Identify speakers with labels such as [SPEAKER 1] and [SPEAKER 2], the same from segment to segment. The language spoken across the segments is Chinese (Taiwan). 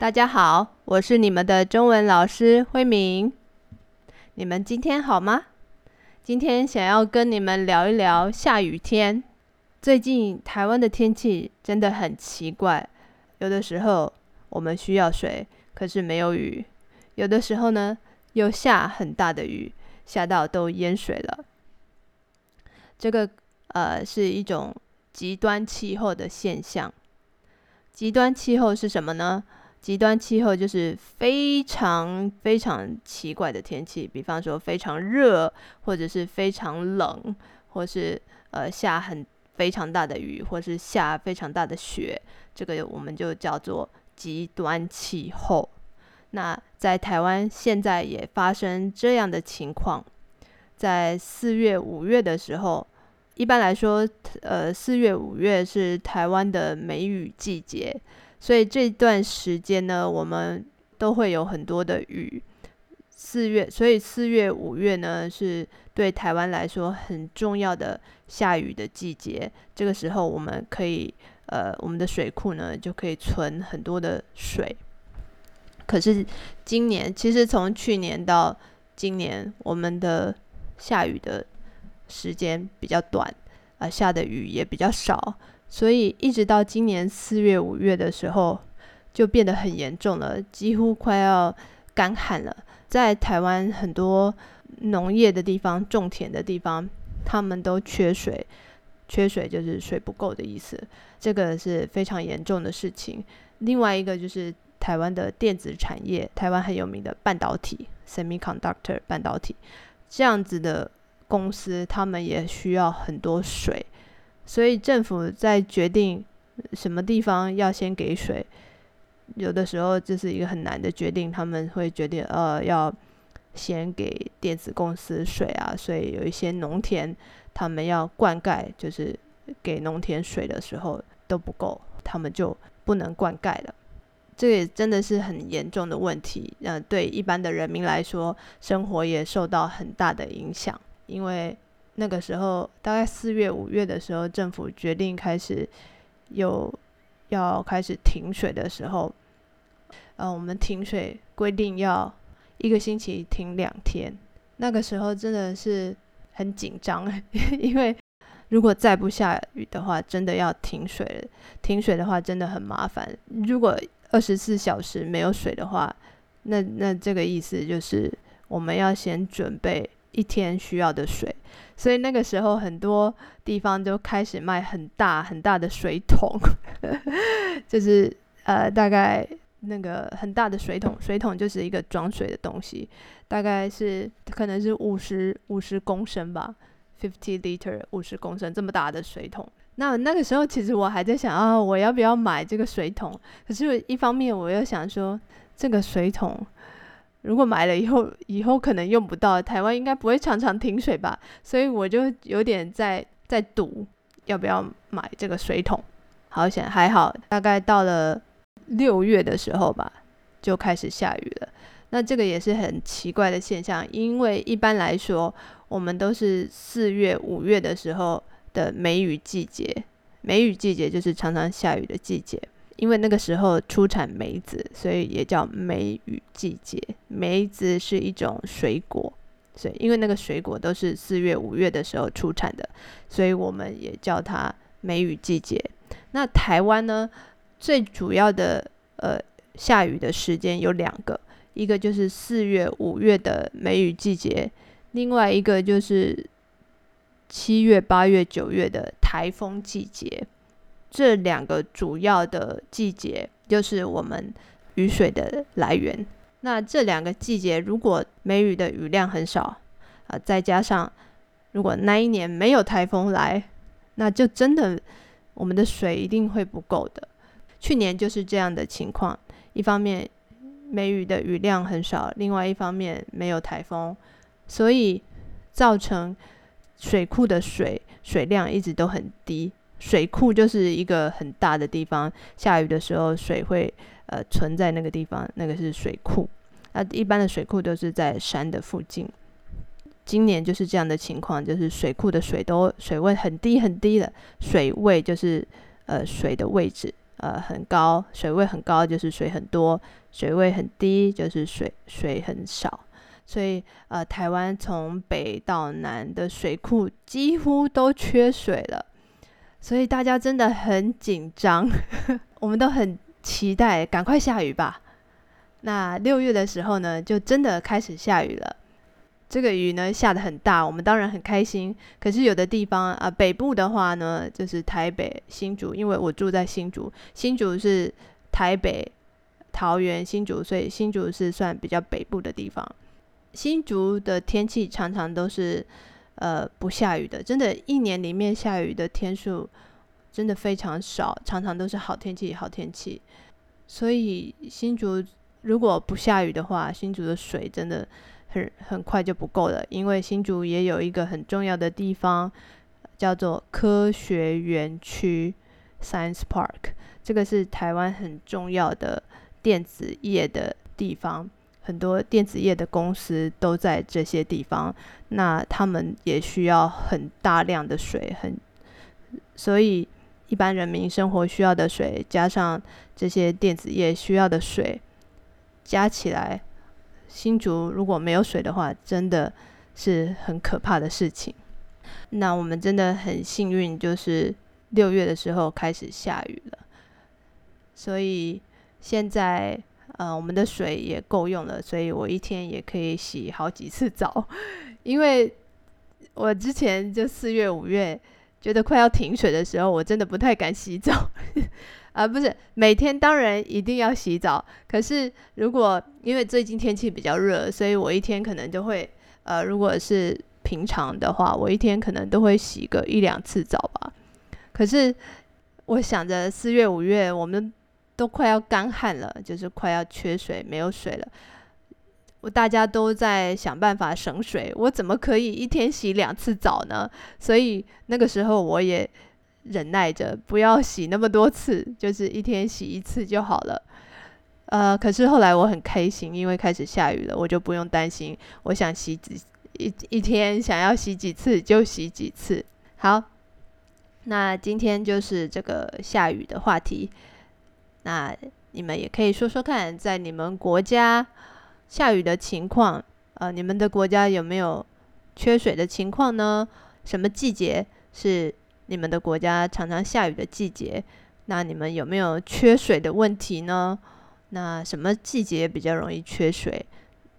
[SPEAKER 1] 大家好，我是你們的中文老師慧敏。你們今天好嗎？今天想要跟你們聊一聊下雨天。最近台灣的天氣真的很奇怪，有的時候我們需要水，可是沒有雨；有的時候呢，又下很大的雨，下到都淹水了。這個呃是一種極端氣候的現象。極端氣候是什麼呢？極端氣候就是非常非常奇怪的天氣，比方說非常熱，或者是非常冷，或是呃下很非常大的雨，或是下非常大的雪。這個我們就叫做極端氣候。那在台灣現在也發生這樣的情況，在四月、五月的時候，一般來說，呃，四月、五月是台灣的梅雨季節，所以這段時間呢，我們都會有很多的雨。四月，所以四月、五月呢，是對台灣來說很重要的下雨的季節。這個時候，我們可以，呃，我們的水庫呢就可以存很多的水。可是今年，其實從去年到今年，我們的下雨的時間比較短，啊、呃，下的雨也比較少。所以一直到今年四月、五月的時候，就變得很嚴重了，幾乎快要乾旱了。在台灣很多農業的地方、種田的地方，他們都缺水，缺水就是水不夠的意思。這個是非常嚴重的事情。另外一個就是台灣的電子產業，台灣很有名的半導體 （semiconductor） 半導體，這樣子的公司，他們也需要很多水。所以政府在決定什麼地方要先給水，有的時候這是一個很難的決定。他們會決定，呃，要先給電子公司水啊。所以有一些農田，他們要灌溉，就是給農田水的時候都不夠，他們就不能灌溉了。這也真的是很嚴重的問題。那，呃，對一般的人民來說，生活也受到很大的影響，因為，那個時候，大概四月、五月的時候，政府決定開始有要開始停水的時候，呃，我們停水規定要一個星期停兩天。那個時候真的是很緊張，因為如果再不下雨的話，真的要停水，停水的話真的很麻煩。如果二十四小時沒有水的話，那那這個意思就是我們要先準備。一天需要的水，所以那個時候很多地方都開始賣很大很大的水桶， 就是呃，大概那個很大的水桶，水桶就是一個裝水的東西，大概是可能是五十五十公升吧，fifty liter 五十公升這麼大的水桶。那那個時候其實我還在想啊、哦，我要不要買這個水桶？可是一方面我又想說這個水桶。如果買了以後，以後可能用不到。台灣應該不會常常停水吧？所以我就有點在在賭，要不要買這個水桶？好險，想還好，大概到了六月的時候吧，就開始下雨了。那這個也是很奇怪的現象，因為一般來說，我們都是四月、五月的時候的梅雨季節，梅雨季節就是常常下雨的季節。因為那個時候出產梅子，所以也叫梅雨季節。梅子是一種水果，所以因為那個水果都是四月、五月的時候出產的，所以我們也叫它梅雨季節。那台灣呢，最主要的呃下雨的時間有兩個，一個就是四月、五月的梅雨季節，另外一個就是七月、八月、九月的台風季節。這兩個主要的季節就是我們雨水的來源。那這兩個季節，如果梅雨的雨量很少，啊，再加上如果那一年沒有台風來，那就真的我們的水一定會不夠的。去年就是這樣的情況，一方面梅雨的雨量很少，另外一方面沒有台風，所以造成水庫的水水量一直都很低。水庫就是一個很大的地方，下雨的時候水會呃存在那個地方，那個是水庫。那、啊、一般的水庫都是在山的附近。今年就是這樣的情況，就是水庫的水都水位很低很低了。水位就是呃水的位置，呃很高，水位很高就是水很多，水位很低就是水水很少。所以呃台灣從北到南的水庫幾乎都缺水了。所以大家真的很緊張， 我們都很期待，趕快下雨吧。那六月的時候呢，就真的開始下雨了。這個雨呢下得很大我們當然很開心。可是有的地方啊，北部的話呢，就是台北、新竹，因為我住在新竹，新竹是台北、桃園、新竹，所以新竹是算比較北部的地方。新竹的天氣常常都是。呃，不下雨的，真的，一年裡面下雨的天數真的非常少，常常都是好天氣，好天氣。所以新竹如果不下雨的話，新竹的水真的很很快就不夠了，因為新竹也有一個很重要的地方叫做科學園區 （Science Park），這個是台灣很重要的電子業的地方。很多電子業的公司都在這些地方，那他們也需要很大量的水，很，所以一般人民生活需要的水，加上這些電子業需要的水，加起來，新竹如果沒有水的話，真的是很可怕的事情。那我們真的很幸運，就是六月的時候開始下雨了，所以現在。嗯、呃，我們的水也夠用了，所以我一天也可以洗好幾次澡。因為我之前就四月、五月覺得快要停水的時候，我真的不太敢洗澡。啊、 呃，不是，每天當然一定要洗澡，可是如果因為最近天氣比較熱，所以我一天可能就會呃，如果是平常的話，我一天可能都會洗個一兩次澡吧。可是我想着四月、五月我們。都快要乾旱了，就是快要缺水，沒有水了。我大家都在想辦法省水，我怎麼可以一天洗兩次澡呢？所以那個時候我也忍耐着，不要洗那麼多次，就是一天洗一次就好了。呃，可是後來我很開心，因為開始下雨了，我就不用擔心。我想洗幾一一天，想要洗幾次就洗幾次。好，那今天就是這個下雨的話題。那你們也可以說說看，在你們國家下雨的情況，呃，你們的國家有沒有缺水的情況呢？什麼季節是你們的國家常常下雨的季節？那你們有沒有缺水的問題呢？那什麼季節比較容易缺水？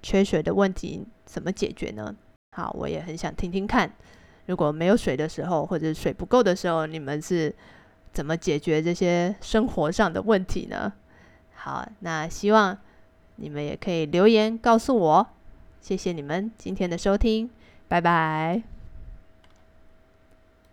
[SPEAKER 1] 缺水的問題怎麼解決呢？好，我也很想聽聽看，如果沒有水的時候，或者水不夠的時候，你們是？怎麼解決這些生活上的問題呢？好，那希望你們也可以留言告訴我。謝謝你們今天的收聽，拜拜。